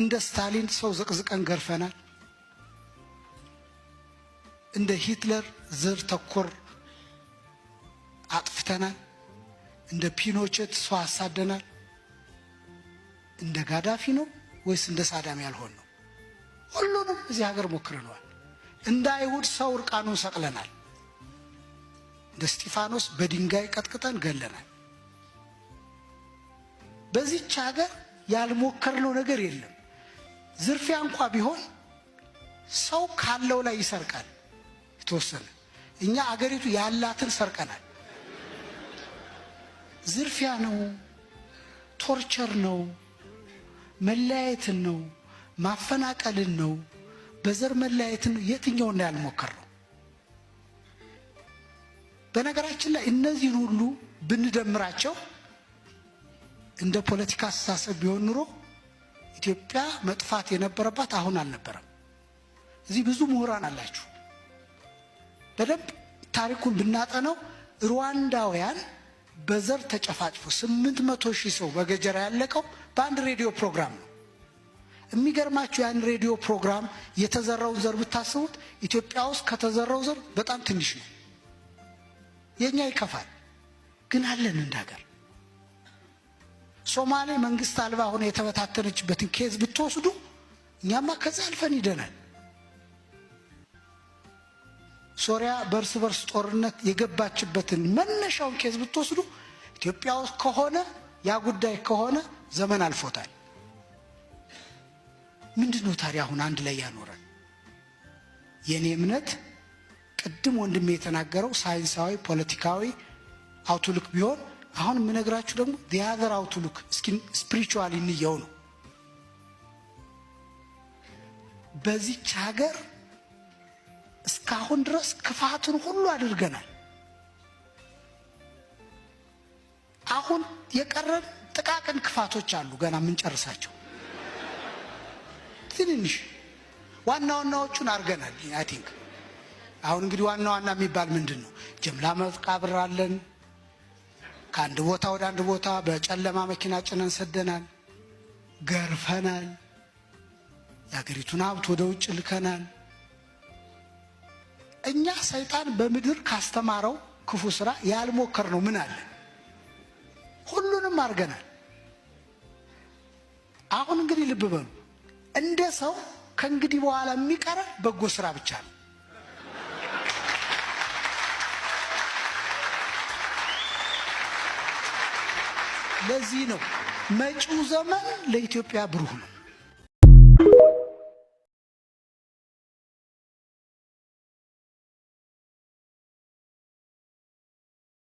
እንደ ስታሊን ሰው ዘቅዝቀን ገርፈናል። እንደ ሂትለር ዘር ተኮር አጥፍተናል። እንደ ፒኖቼት ሰው አሳደናል። እንደ ጋዳፊ ነው ወይስ እንደ ሳዳም ያልሆን ነው? ሁሉንም እዚህ ሀገር ሞክረነዋል። እንደ አይሁድ ሰው እርቃኑን ሰቅለናል። እንደ እስጢፋኖስ በድንጋይ ቀጥቅጠን ገለናል። በዚች ሀገር ያልሞከርነው ነገር የለም። ዝርፊያ እንኳ ቢሆን ሰው ካለው ላይ ይሰርቃል። የተወሰነ እኛ አገሪቱ ያላትን ሰርቀናል። ዝርፊያ ነው፣ ቶርቸር ነው፣ መለያየትን ነው፣ ማፈናቀልን ነው፣ በዘር መለያየትን ነው። የትኛውን ነው ያልሞከርነው? በነገራችን ላይ እነዚህን ሁሉ ብንደምራቸው እንደ ፖለቲካ አስተሳሰብ ቢሆን ኑሮ ኢትዮጵያ መጥፋት የነበረባት አሁን አልነበረም። እዚህ ብዙ ምሁራን አላችሁ። በደንብ ታሪኩን ብናጠነው ሩዋንዳውያን በዘር ተጨፋጭፎ ስምንት መቶ ሺህ ሰው በገጀራ ያለቀው በአንድ ሬዲዮ ፕሮግራም ነው። የሚገርማችሁ ያን ሬዲዮ ፕሮግራም የተዘራውን ዘር ብታስቡት ኢትዮጵያ ውስጥ ከተዘራው ዘር በጣም ትንሽ ነው። የእኛ ይከፋል፣ ግን አለን እንደ ሀገር ሶማሌ መንግስት አልባ ሆነ የተበታተነችበትን ኬዝ ብትወስዱ እኛማ ከዛ አልፈን ይደናል። ሶሪያ በእርስ በርስ ጦርነት የገባችበትን መነሻውን ኬዝ ብትወስዱ ኢትዮጵያ ውስጥ ከሆነ ያ ጉዳይ ከሆነ ዘመን አልፎታል። ምንድን ነው ታዲያ አሁን አንድ ላይ ያኖረን? የእኔ እምነት ቅድም ወንድሜ የተናገረው ሳይንሳዊ ፖለቲካዊ አውቶልክ ቢሆን አሁን የምነግራችሁ ደግሞ ዲያዘር ሉክ እስኪ ስፒሪቹዋል እንየው ነው። በዚች ሀገር እስካሁን ድረስ ክፋቱን ሁሉ አድርገናል። አሁን የቀረን ጥቃቅን ክፋቶች አሉ ገና የምንጨርሳቸው ትንንሽ ዋና ዋናዎቹን አድርገናል። አይ ቲንክ አሁን እንግዲህ ዋና ዋና የሚባል ምንድን ነው? ጅምላ መቃብር አለን። ከአንድ ቦታ ወደ አንድ ቦታ በጨለማ መኪና ጭነን ሰደናል፣ ገርፈናል፣ የአገሪቱን ሀብት ወደ ውጭ ልከናል። እኛ ሰይጣን በምድር ካስተማረው ክፉ ስራ ያልሞከር ነው ምን አለ? ሁሉንም አድርገናል። አሁን እንግዲህ ልብ በሉ እንደ ሰው ከእንግዲህ በኋላ የሚቀረ በጎ ስራ ብቻ ነው። ለዚህ ነው መጪው ዘመን ለኢትዮጵያ ብሩህ ነው።